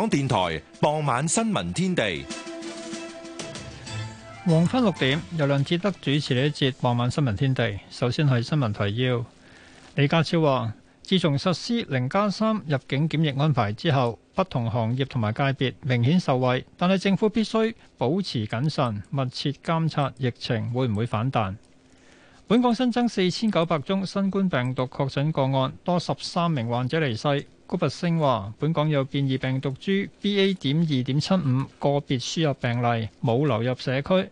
香港電台傍晚新聞天地，黃昏六點由梁智德主持呢一節傍晚新聞天地。首先係新聞提要，李家超話：自從實施零加三入境檢疫安排之後，不同行業同埋界別明顯受惠，但係政府必須保持謹慎，密切監察疫情會唔會反彈。本港新增四千九百宗新冠病毒確診個案，多十三名患者離世。高拔陞話：本港有變異病毒株 B A 點二點七五個別輸入病例，冇流入社區。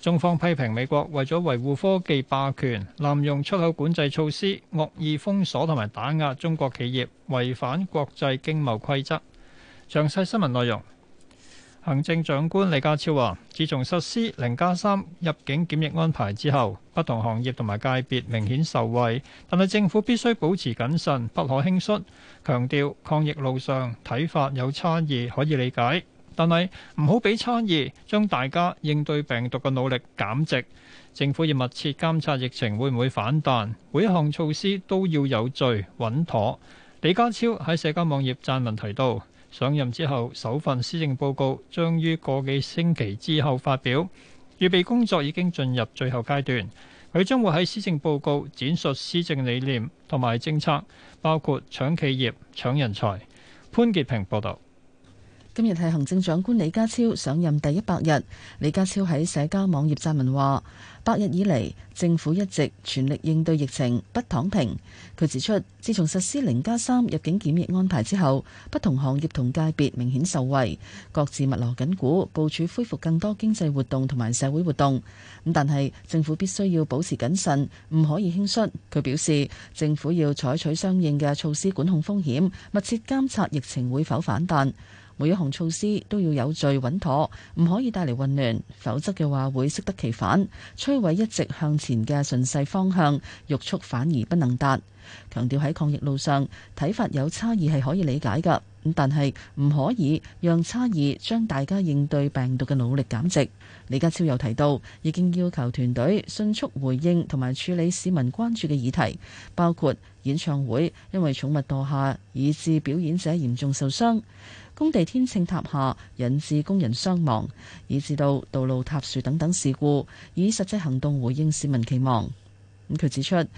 中方批評美國為咗維護科技霸權，濫用出口管制措施，惡意封鎖同埋打壓中國企業，違反國際經貿規則。詳細新聞內容。行政長官李家超話，自從實施零加三入境檢疫安排之後，不同行業同埋界別明顯受惠，但係政府必須保持謹慎，不可輕率。強調抗疫路上睇法有差異可以理解，但係唔好俾差異將大家應對病毒嘅努力減值。政府要密切監察疫情會唔會反彈，每一項措施都要有序、穩妥。李家超喺社交網頁撰文提到。上任之後，首份施政報告將於個幾星期之後發表，預備工作已經進入最後階段。佢將會喺施政報告展述施政理念同埋政策，包括搶企業、搶人才。潘潔平報導。今日係行政長官李家超上任第一百日，李家超喺社交網頁撰文話：百日以嚟，政府一直全力應對疫情，不躺平。佢指出，自從實施零加三入境檢疫安排之後，不同行業同界別明顯受惠，各自密鑼緊鼓部署，恢復更多經濟活動同埋社會活動。咁但係政府必須要保持謹慎，唔可以輕率。佢表示，政府要採取相應嘅措施管控風險，密切監察疫情會否反彈。每一項措施都要有序穩妥，唔可以帶嚟混亂，否則嘅話會適得其反，摧毀一直向前嘅順勢方向，欲速反而不能達。強調喺抗疫路上，睇法有差異係可以理解噶，但係唔可以讓差異將大家應對病毒嘅努力減值。李家超又提到，已經要求團隊迅速回應同埋處理市民關注嘅議題，包括演唱會因為寵物墮下，以致表演者嚴重受傷。工地天秤塌下，引致工人傷亡，以至到道路塌樹等等事故，以實際行動回應市民期望。咁佢指出，呢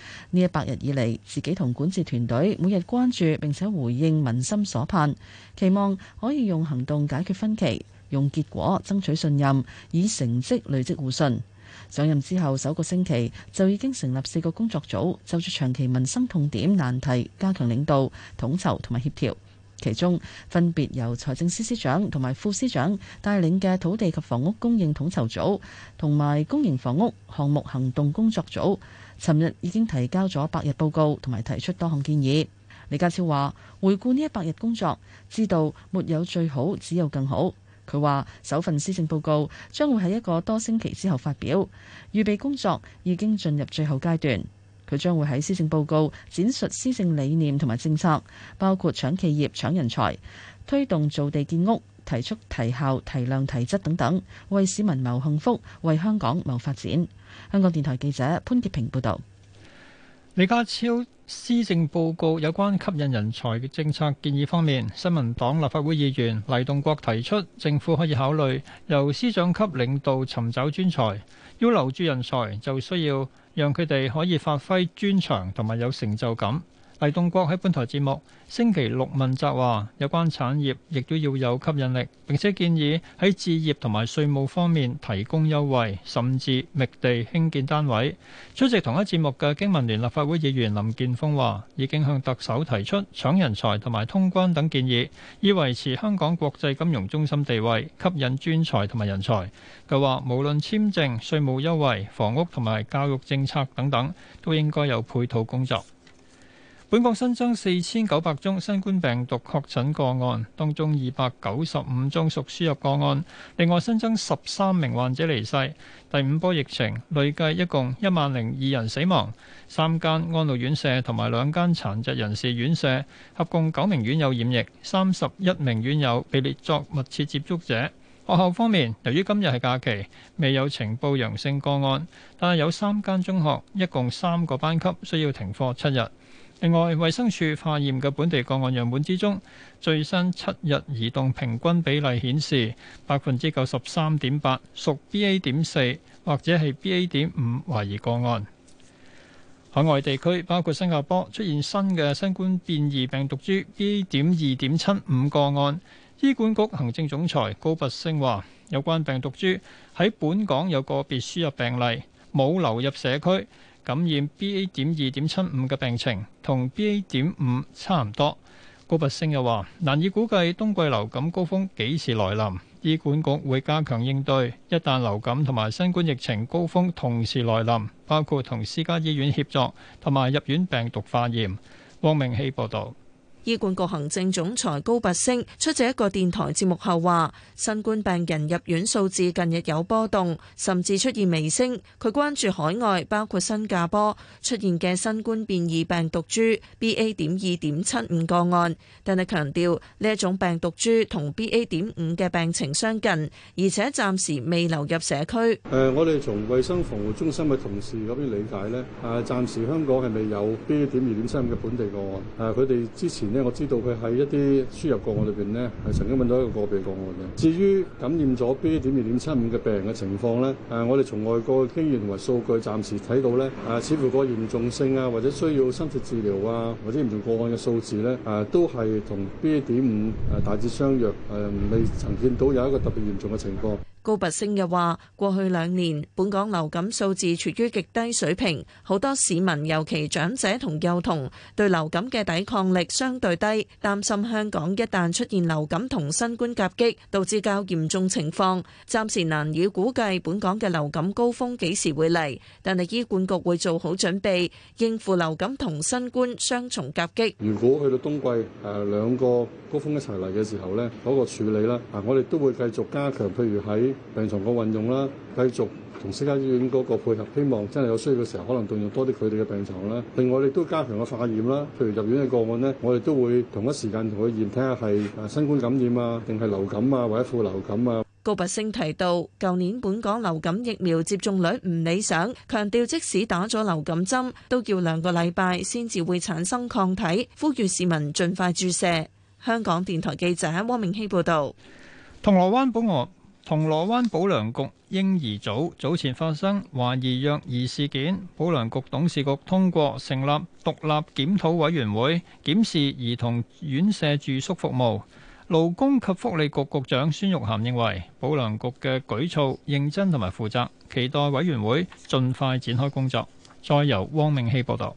一百日以嚟，自己同管治團隊每日關注並且回應民心所盼，期望可以用行動解決分歧，用結果爭取信任，以成績累積互信。上任之後首個星期就已經成立四個工作組，就住長期民生痛點難題加強領導統籌同埋協調。其中分別由財政司司長同埋副司長帶領嘅土地及房屋供應統籌組同埋公營房屋項目行動工作組，尋日已經提交咗百日報告，同埋提出多項建議。李家超話，回顧呢一百日工作，知道沒有最好，只有更好。佢話首份施政報告將會喺一個多星期之後發表，預備工作已經進入最後階段。佢將會喺施政報告展述施政理念同埋政策，包括搶企業、搶人才，推動造地建屋，提速提效、提量、提質等等，為市民謀幸福，為香港謀發展。香港電台記者潘潔平報導。李家超施政報告有關吸引人才嘅政策建議方面，新聞黨立法會議員黎棟國提出，政府可以考慮由司長級領導尋找專才，要留住人才就需要，讓佢哋可以發揮專長同埋有成就感。黎棟國喺本台節目星期六問責話，有關產業亦都要有吸引力，並且建議喺置業同埋稅務方面提供優惠，甚至覓地興建單位。出席同一節目嘅經民聯立法會議員林建峰話，已經向特首提出搶人才同埋通關等建議，以維持香港國際金融中心地位，吸引專才同埋人才。佢話無論簽證、稅務優惠、房屋同埋教育政策等等，都應該有配套工作。本港新增四千九百宗新冠病毒確診個案，當中二百九十五宗屬輸入個案。另外新增十三名患者離世。第五波疫情累計一共一萬零二人死亡。三間安老院舍同埋兩間殘疾人士院舍合共九名院友染疫，三十一名院友被列作密切接觸者。學校方面，由於今日係假期，未有呈報陽性個案，但係有三間中學，一共三個班級需要停課七日。另外，衛生署化驗嘅本地個案樣本之中，最新七日移動平均比例顯示百分之九十三點八屬 B A 點四或者係 B A 點五懷疑個案。海外地區包括新加坡出現新嘅新冠變異病毒株 B A 點二點七五個案。醫管局行政總裁高拔昇話：有關病毒株喺本港有個別輸入病例，冇流入社區。感染 B A. 點二點七五嘅病情同 B A. 點五差唔多。高拔昇又話難以估計冬季流感高峰幾時來臨，醫管局會加強應對，一旦流感同埋新冠疫情高峰同時來臨，包括同私家醫院協作同埋入院病毒化驗。汪明希報道。醫管局行政總裁高拔升出席一個電台節目後話，新冠病人入院數字近日有波動，甚至出現微升。佢關注海外，包括新加坡出現嘅新冠變異病毒株 B A. 點二點七五個案，但係強調呢一種病毒株同 B A. 點五嘅病情相近，而且暫時未流入社區。誒，我哋從衛生防護中心嘅同事嗰邊理解咧，誒，暫時香港係未有 B A. 點二點七五嘅本地個案。誒，佢哋之前。因為我知道佢喺一啲輸入個案裏邊咧，係曾經問到一個個別個案嘅。至於感染咗 B. 點二點七五嘅病人嘅情況咧，誒，我哋從外國嘅經驗同埋數據暫時睇到咧，誒，似乎個嚴重性啊，或者需要深切治療啊，或者嚴重個案嘅數字咧，誒，都係同 B. 點五誒大致相若，誒，未曾見到有一個特別嚴重嘅情況。高拔升嘅話，過去兩年本港流感數字處於極低水平，好多市民，尤其長者同幼童，對流感嘅抵抗力相對低，擔心香港一旦出現流感同新冠夾擊，導致較嚴重情況。暫時難以估計本港嘅流感高峰幾時會嚟，但係醫管局會做好準備應付流感同新冠雙重夾擊。如果去到冬季誒兩個高峰一齊嚟嘅時候咧，嗰個處理啦，嗱我哋都會繼續加強，譬如喺病床個運用啦，繼續同私家醫院嗰個配合，希望真係有需要嘅時候，可能動用多啲佢哋嘅病床啦。另外，我哋都加強個化驗啦，譬如入院嘅個案呢，我哋都會同一時間同佢驗，睇下係啊新冠感染啊，定係流感啊，或者副流感啊。高拔陞提到，舊年本港流感疫苗接種率唔理想，強調即使打咗流感針，都要兩個禮拜先至會產生抗體，呼籲市民盡快注射。香港電台記者汪明希報道，銅鑼灣本港。銅鑼灣保良局嬰兒組早前發生懷疑虐兒事件，保良局董事局通過成立獨立檢討委員會，檢視兒童院舍住宿服務。勞工及福利局局局長孫玉涵認為保良局嘅舉措認真同埋負責，期待委員會盡快展開工作。再由汪明希報導。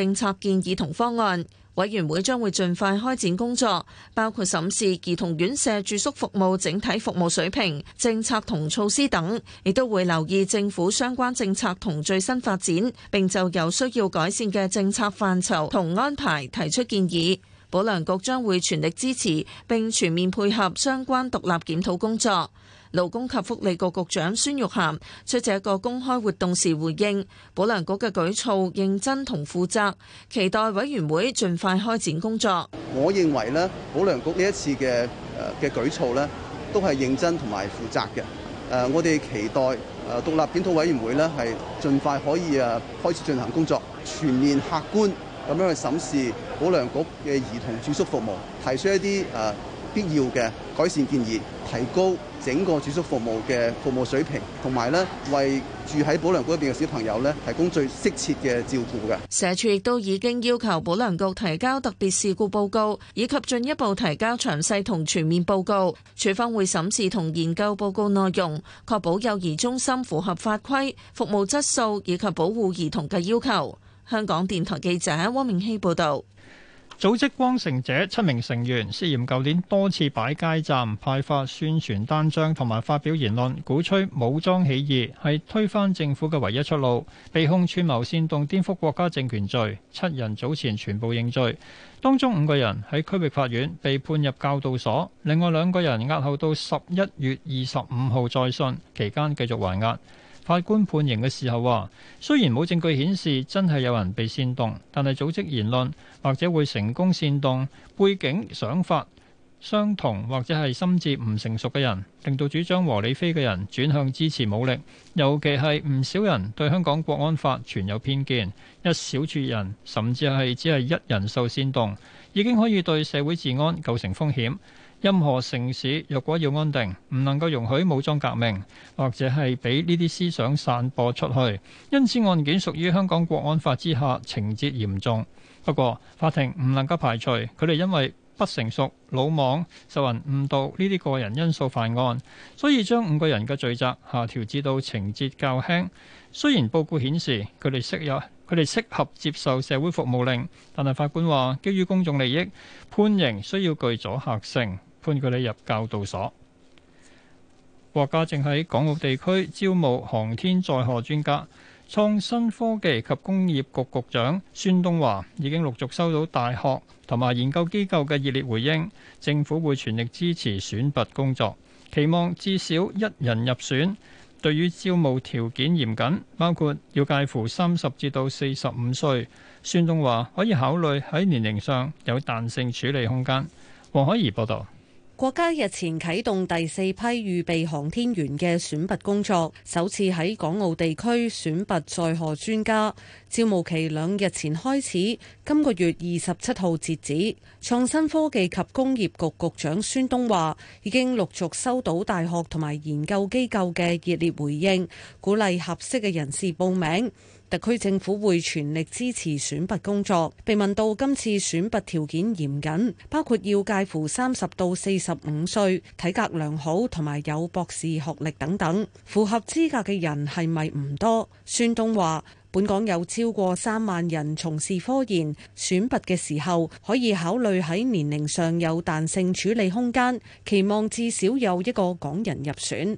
政策建議同方案，委員會將會盡快開展工作，包括審視兒童院舍住宿服務整體服務水平、政策同措施等。亦都會留意政府相關政策同最新發展，並就有需要改善嘅政策範疇同安排提出建議。保良局將會全力支持，並全面配合相關獨立檢討工作。勞工及福利局局長孫玉菡出席一個公開活動時回應：保良局嘅舉措認真同負責，期待委員會盡快開展工作。我認為呢，保良局呢一次嘅誒嘅舉措呢，都係認真同埋負責嘅。誒，我哋期待誒獨立檢討委員會呢，係盡快可以誒開始進行工作，全面客觀咁樣去審視保良局嘅兒童住宿服務，提出一啲誒。必要嘅改善建議，提高整個住宿服務嘅服務水平，同埋咧為住喺保良局入邊嘅小朋友咧提供最適切嘅照顧嘅。社署亦都已經要求保良局提交特別事故報告，以及進一步提交詳細同全面報告。署方會審視同研究報告內容，確保幼兒中心符合法規、服務質素以及保護兒童嘅要求。香港電台記者汪明熙報道。組織光城者七名成員涉嫌舊年多次擺街站、派發宣傳單張同埋發表言論，鼓吹武裝起義係推翻政府嘅唯一出路，被控串謀煽動顛覆國家政權罪。七人早前全部認罪，當中五個人喺區域法院被判入教導所，另外兩個人押後到十一月二十五號再訊，期間繼續還押。法官判刑嘅時候話，雖然冇證據顯示真係有人被煽動，但係組織言論或者會成功煽動背景想法相同或者係心智唔成熟嘅人，令到主張和理非嘅人轉向支持武力，尤其係唔少人對香港國安法存有偏見，一小撮人甚至係只係一人受煽動已經可以對社會治安構成風險。任何城市若果要安定，唔能夠容許武裝革命或者係俾呢啲思想散播出去。因此案件屬於香港國安法之下，情節嚴重。不過法庭唔能夠排除佢哋因為不成熟、魯莽、受人誤導呢啲個人因素犯案，所以將五個人嘅罪責下調至到情節較輕。雖然報告顯示佢哋適有佢哋適合接受社會服務令，但係法官話，基於公眾利益，判刑需要具阻嚇性。判佢哋入教導所。國家正喺港澳地區招募航天載荷專家、創新科技及工業局局，局長孫東話已經陸續收到大學同埋研究機構嘅熱烈回應。政府會全力支持選拔工作，期望至少一人入選。對於招募條件嚴謹，包括要介乎三十至到四十五歲，孫東話可以考慮喺年齡上有彈性處理空間。黃海怡報導。國家日前啟動第四批預備航天員嘅選拔工作，首次喺港澳地區選拔載荷專家。招募期兩日前開始，今個月二十七號截止。創新科技及工業局局長孫東話，已經陸續收到大學同埋研究機構嘅熱烈回應，鼓勵合適嘅人士報名。特區政府會全力支持選拔工作。被問到今次選拔條件嚴謹，包括要介乎三十到四十五歲、體格良好同埋有博士學歷等等，符合資格嘅人係咪唔多？孫東話：本港有超過三萬人從事科研，選拔嘅時候可以考慮喺年齡上有彈性處理空間，期望至少有一個港人入選。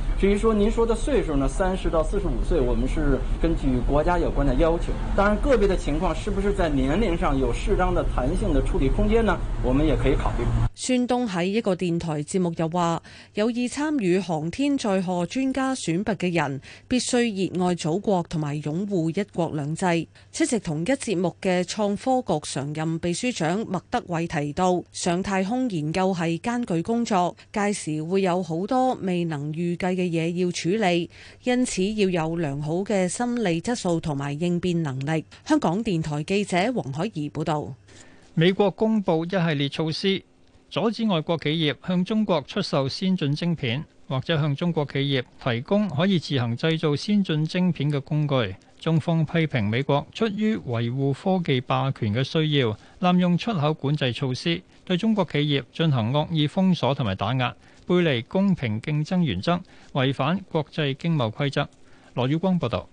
至於說您說的歲數呢，三十到四十五歲，我們是根據國家有關的要求，當然個別的情況是不是在年齡上有適當的彈性的處理空間呢？我們也可以考慮。孫東喺一個電台節目又話，有意參與航天載荷專家選拔嘅人，必須熱愛祖國同埋擁護一國兩制。出席同一節目嘅創科局常任秘書長麥德偉提到，上太空研究係艱巨工作，屆時會有好多未能預計嘅嘢要處理，因此要有良好嘅心理質素同埋應變能力。香港電台記者黃海怡報導，美國公佈一系列措施，阻止外國企業向中國出售先進晶片，或者向中國企業提供可以自行製造先進晶片嘅工具。中方批評美國出於維護科技霸權嘅需要，濫用出口管制措施，對中國企業進行惡意封鎖同埋打壓。背離公平競爭原則，違反國際經貿規則。羅宇光報道。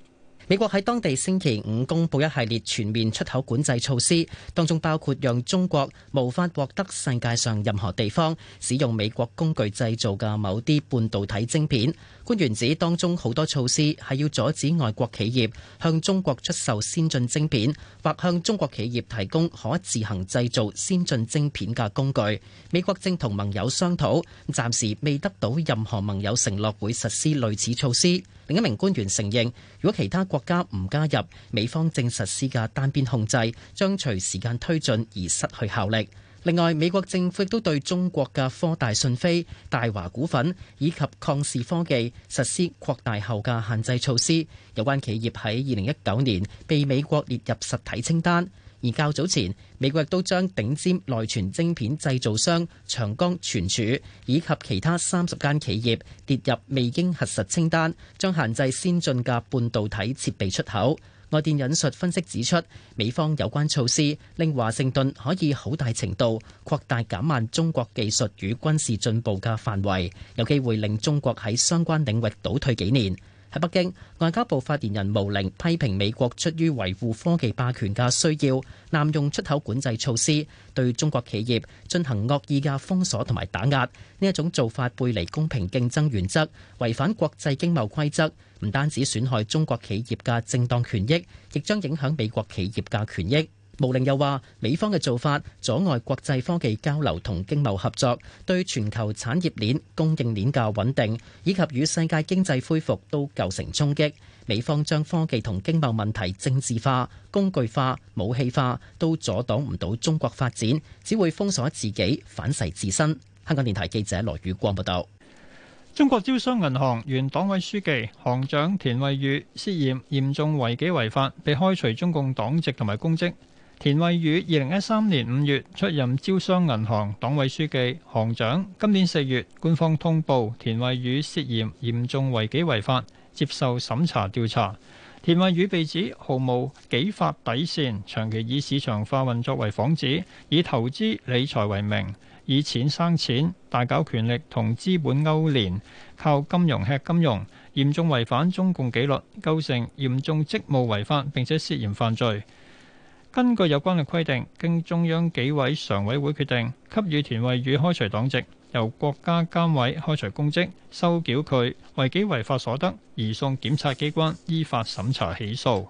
美國喺當地星期五公布一系列全面出口管制措施，當中包括讓中國無法獲得世界上任何地方使用美國工具製造嘅某啲半導體晶片。官員指當中好多措施係要阻止外國企業向中國出售先進晶片，或向中國企業提供可自行製造先進晶片嘅工具。美國正同盟友商討，暫時未得到任何盟友承諾會實施類似措施。另一名官員承認，如果其他國家唔加入，美方正實施嘅單邊控制將隨時間推進而失去效力。另外，美國政府亦都對中國嘅科大訊飛、大華股份以及曠視科技實施擴大後嘅限制措施。有關企業喺二零一九年被美國列入實體清單。而較早前，美國亦都將頂尖內存晶片製造商長江存儲以及其他三十間企業列入未經核實清單，將限制先進嘅半導體設備出口。外電引述分析指出，美方有關措施令華盛頓可以好大程度擴大減慢中國技術與軍事進步嘅範圍，有機會令中國喺相關領域倒退幾年。喺北京，外交部發言人毛寧批評美國出於維護科技霸權嘅需要，濫用出口管制措施，對中國企業進行惡意嘅封鎖同埋打壓。呢一種做法背離公平競爭原則，違反國際經貿規則，唔單止損害中國企業嘅正當權益，亦將影響美國企業嘅權益。毛寧又話：美方嘅做法阻礙國際科技交流同經貿合作，對全球產業鏈供應鏈嘅穩定以及與世界經濟恢復都構成衝擊。美方將科技同經貿問題政治化、工具化、武器化，都阻擋唔到中國發展，只會封鎖自己，反噬自身。香港電台記者羅宇光報道：中國招商銀行原黨委書記、行長田惠宇涉嫌嚴重違紀違法，被開除中共黨籍同埋公職。田惠宇二零一三年五月出任招商銀行黨委書記、行長。今年四月，官方通報田惠宇涉嫌嚴重違紀違法，接受審查調查。田惠宇被指毫無紀法底線，長期以市場化運作為幌子，以投資理財為名，以錢生錢，大搞權力同資本勾連，靠金融吃金融，嚴重違反中共紀律，構成嚴重職務違法，並且涉嫌犯罪。根據有關嘅規定，經中央紀委常委會決定，給予田惠宇開除黨籍，由國家監委開除公職，收繳佢違紀違法所得，移送檢察機關依法審查起訴。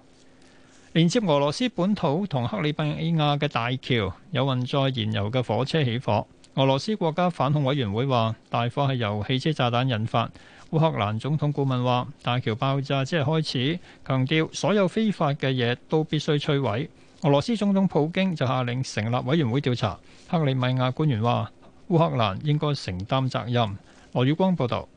連接俄羅斯本土同克里米亞嘅大橋有運載燃油嘅火車起火，俄羅斯國家反恐委員會話大火係由汽車炸彈引發。烏克蘭總統顧問話大橋爆炸只係開始，強調所有非法嘅嘢都必須摧毀。俄羅斯總統普京就下令成立委員會調查。克里米亞官員話：烏克蘭應該承擔責任。羅宇光報道。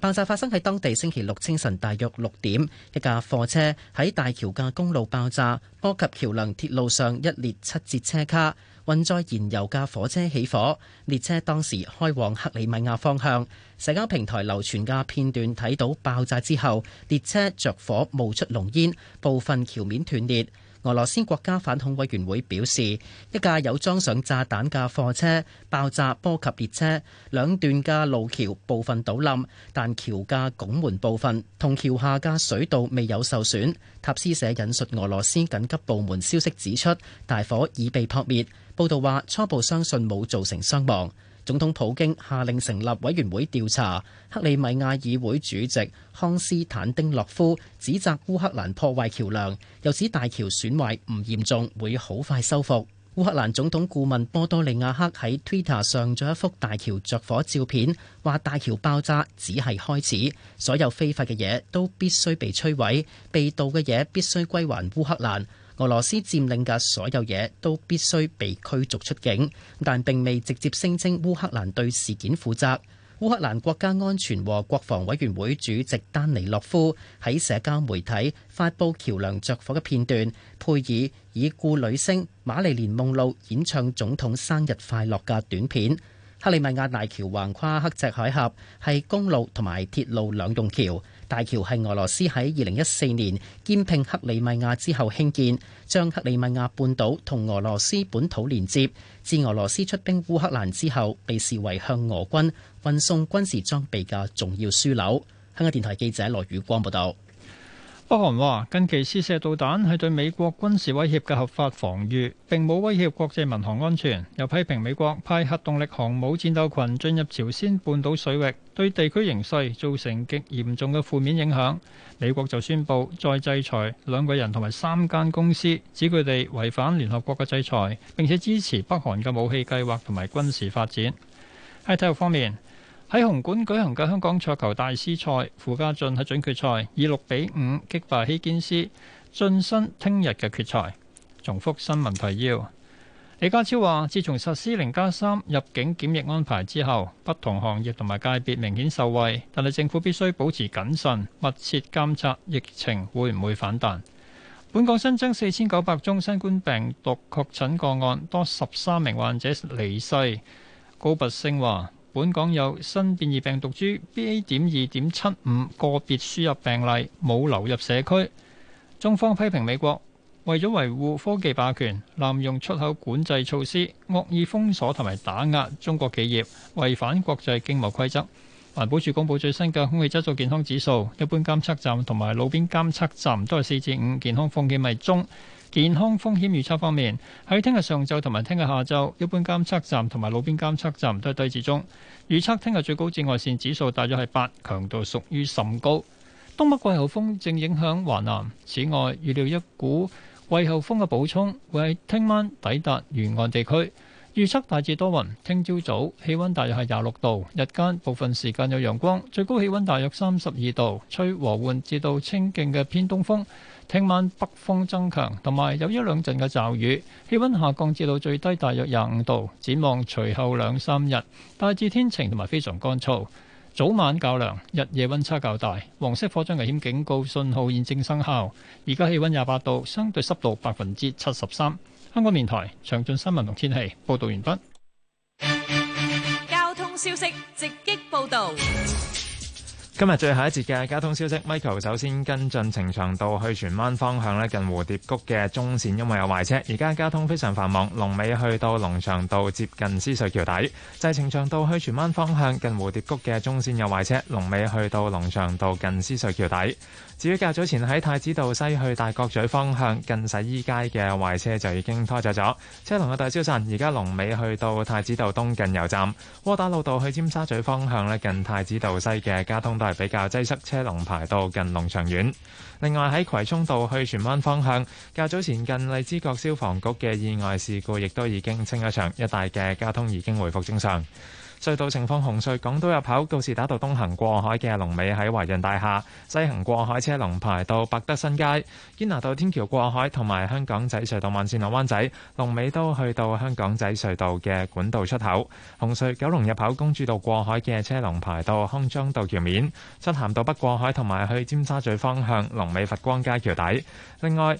爆炸發生喺當地星期六清晨大約六點，一架貨車喺大橋嘅公路爆炸，波及橋樑鐵路上一列七節車卡運載燃油嘅火車起火。列車當時開往克里米亞方向。社交平台流傳嘅片段睇到爆炸之後，列車着火冒出濃煙，部分橋面斷裂。俄羅斯國家反恐委員會表示，一架有裝上炸彈嘅貨車爆炸，波及列車兩段嘅路橋部分倒冧，但橋架拱門部分同橋下架水道未有受損。塔斯社引述俄羅斯緊急部門消息指出，大火已被撲滅。報道話初步相信冇造成傷亡。總統普京下令成立委員會調查。克里米亞議會主席康斯坦丁諾夫指責烏克蘭破壞橋梁，又指大橋損壞唔嚴重，會好快修復。烏克蘭總統顧問波多利亞克喺 Twitter 上咗一幅大橋着火照片，話大橋爆炸只係開始，所有非法嘅嘢都必須被摧毀，被盜嘅嘢必須歸還烏克蘭。俄羅斯佔領嘅所有嘢都必須被驅逐出境，但並未直接聲稱烏克蘭對事件負責。烏克蘭國家安全和國防委員會主席丹尼洛夫喺社交媒體發布橋梁着火嘅片段，配以已故女星瑪麗蓮夢露演唱總統生日快樂嘅短片。克里米亞大橋橫跨刻赤海峽，係公路同埋鐵路兩用橋。大橋係俄羅斯喺二零一四年兼併克里米亞之後興建，將克里米亞半島同俄羅斯本土連接。自俄羅斯出兵烏克蘭之後，被視為向俄軍運送軍事裝備嘅重要樞紐。香港電台記者羅宇光報道。北韓話近期試射導彈係對美國軍事威脅嘅合法防禦，並冇威脅國際民航安全。又批評美國派核動力航母戰鬥群進入朝鮮半島水域，對地區形勢造成極嚴重嘅負面影響。美國就宣布再制裁兩個人同埋三間公司，指佢哋違反聯合國嘅制裁，並且支持北韓嘅武器計劃同埋軍事發展。喺體育方面。喺紅館舉行嘅香港桌球大師賽，傅家俊喺準決賽以六比五擊敗希堅斯，晉身聽日嘅決賽。重複新聞提要。李家超話，自從實施零加三入境檢疫安排之後，不同行業同埋界別明顯受惠，但係政府必須保持謹慎，密切監察疫情會唔會反彈。本港新增四千九百宗新冠病毒確診個案，多十三名患者離世。高拔昇話。本港有新變異病毒株 B A. 點二點七五，個別輸入病例冇流入社區。中方批評美國為咗維護科技霸權，濫用出口管制措施，惡意封鎖同埋打壓中國企業，違反國際經貿規則。環保署公布最新嘅空氣質素健康指數，一般監測站同埋路邊監測站都係四至五，健康風險係中。健康風險預測方面，喺聽日上晝同埋聽日下晝，一般監測站同埋路邊監測站都係低至中預測。聽日最高紫外線指數大約係八，強度屬於甚高。東北季候風正影響華南，此外預料一股季候風嘅補充會喺聽晚抵達沿岸地區。預測大致多雲，聽朝早氣溫大約係廿六度，日間部分時間有陽光，最高氣溫大約三十二度，吹和緩至到清勁嘅偏東風。聽晚北風增強，同埋有一兩陣嘅驟雨，氣溫下降至到最低大約廿五度。展望隨後兩三日，大致天晴同埋非常乾燥，早晚較涼，日夜溫差較大。黃色火災危險警告信號現正生效。而家氣溫廿八度，相對濕度百分之七十三。香港電台詳盡新聞同天氣報道完畢。交通消息直擊報道。今日最後一節嘅交通消息，Michael 首先跟進呈祥道去荃灣方向近蝴蝶谷嘅中線因為有壞車，而家交通非常繁忙。龍尾去到龍翔道接近獅隧橋底，就係呈祥道去荃灣方向近蝴蝶谷嘅中線有壞車，龍尾去到龍翔道近獅隧橋底。至於較早前喺太子道西去大角咀方向近洗衣街嘅壞車就已經拖走咗，車龍嘅大消散，而家龍尾去到太子道東近油站，窩打老道去尖沙咀方向近太子道西嘅交通。係比較擠塞，車龍排到近龍翔苑。另外喺葵涌道去荃灣方向，較早前近荔枝角消防局嘅意外事故，亦都已經清咗場，一帶嘅交通已經回復正常。隧道情況：紅隧港島入口告士打道東行過海嘅龍尾喺華潤大廈，西行過海車龍排到百德新街。堅拿道天橋過海同埋香港仔隧道慢線落灣仔龍尾都去到香港仔隧道嘅管道出口。紅隧九龍入口公主道過海嘅車龍排到康莊道橋面。漆咸道北過海同埋去尖沙咀方向龍尾佛光街橋底。另外。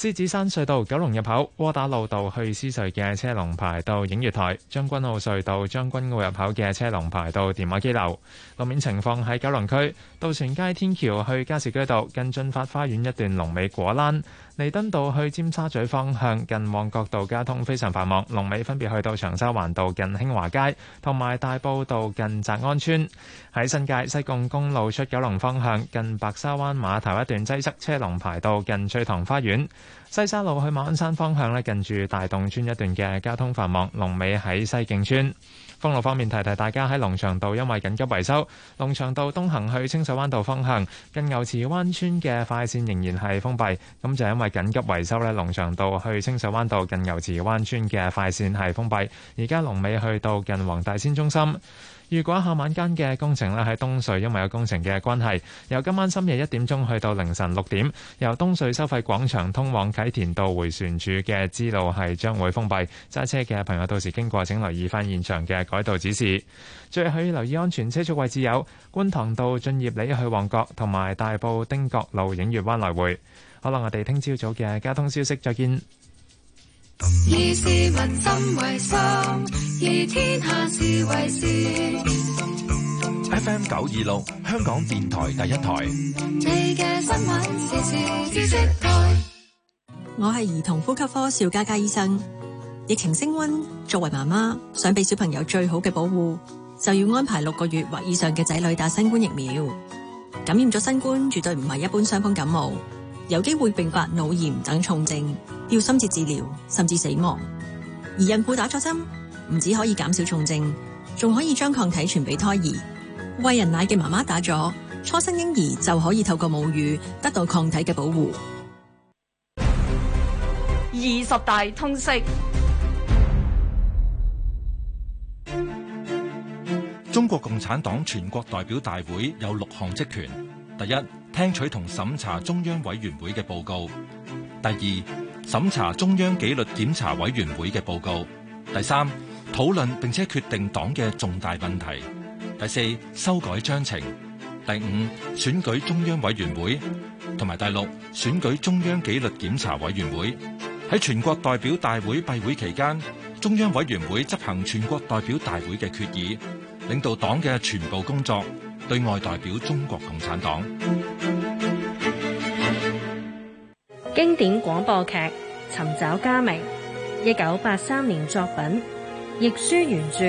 獅子山隧道九龍入口窩打老道去獅隧嘅車龍排到映月台，將軍澳隧道將軍澳入口嘅車龍排到電話機樓。路面情況喺九龍區渡船街天橋去加士居道近駿發花園一段龍尾果欄。彌敦道去尖沙咀方向近旺角道，交通非常繁忙。龍尾分別去到長沙灣道近興華街，同埋大埔道近澤安村。喺新界西貢公路出九龍方向近白沙灣碼頭一段擠塞，車龍排到近翠塘花園。西沙路去馬鞍山方向咧，近住大洞村一段嘅交通繁忙，龍尾喺西徑村。封路方面，提提大家喺龍翔道因為緊急維修，龍翔道東行去清水灣道方向近牛池灣村嘅快線仍然係封閉，咁就因為。緊急維修咧，龍翔道去清水灣道近牛池灣村嘅快線係封閉。而家龍尾去到近黃大仙中心。如果下晚間嘅工程咧，喺東隧，因為有工程嘅關係，由今晚深夜一點鐘去到凌晨六點，由東隧收費廣場通往啟田道回旋處嘅支路係將會封閉。揸車嘅朋友到時經過，請留意翻現場嘅改道指示。最後要留意安全車速位置有觀塘道駿業里去旺角，同埋大埔汀角路影月灣來回。好啦，我哋聽朝早嘅交通消息，再見。以市民心為心，以天下事為事。FM 九二六，香港電台第一台。你嘅新聞時事知識台。我係兒童呼吸科邵嘉嘉醫生。疫情升温，作為媽媽想俾小朋友最好嘅保護，就要安排六個月或以上嘅仔女打新冠疫苗。感染咗新冠，絕對唔係一般傷風感冒。有機會併發腦炎等重症，要深切治療，甚至死亡。而孕婦打咗針，唔只可以減少重症，仲可以將抗體傳俾胎兒。喂人奶嘅媽媽打咗，初生嬰兒就可以透過母乳得到抗體嘅保護。二十大通識，中國共產黨全國代表大會有六項職權，第一，聽取同審查中央委員會嘅報告；第二，審查中央紀律檢查委員會嘅報告；第三，討論並且決定黨嘅重大問題；第四，修改章程；第五，選舉中央委員會，同埋第六，選舉中央紀律檢查委員會。喺全國代表大會閉會期間，中央委員會執行全國代表大會嘅決議，領導黨嘅全部工作，對外代表中國共產黨。經典廣播劇《尋找家明》，一九八三年作品，亦舒原著。